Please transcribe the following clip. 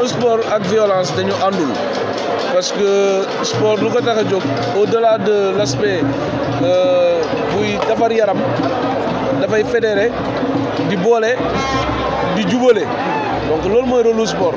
non sport ak violence dañu àndul parce que sport lu ko tax a jóg au-delà de l'aspect euh, buy defar yaram dafay fédérer di boole di jubale donc loolu mooy rôle sport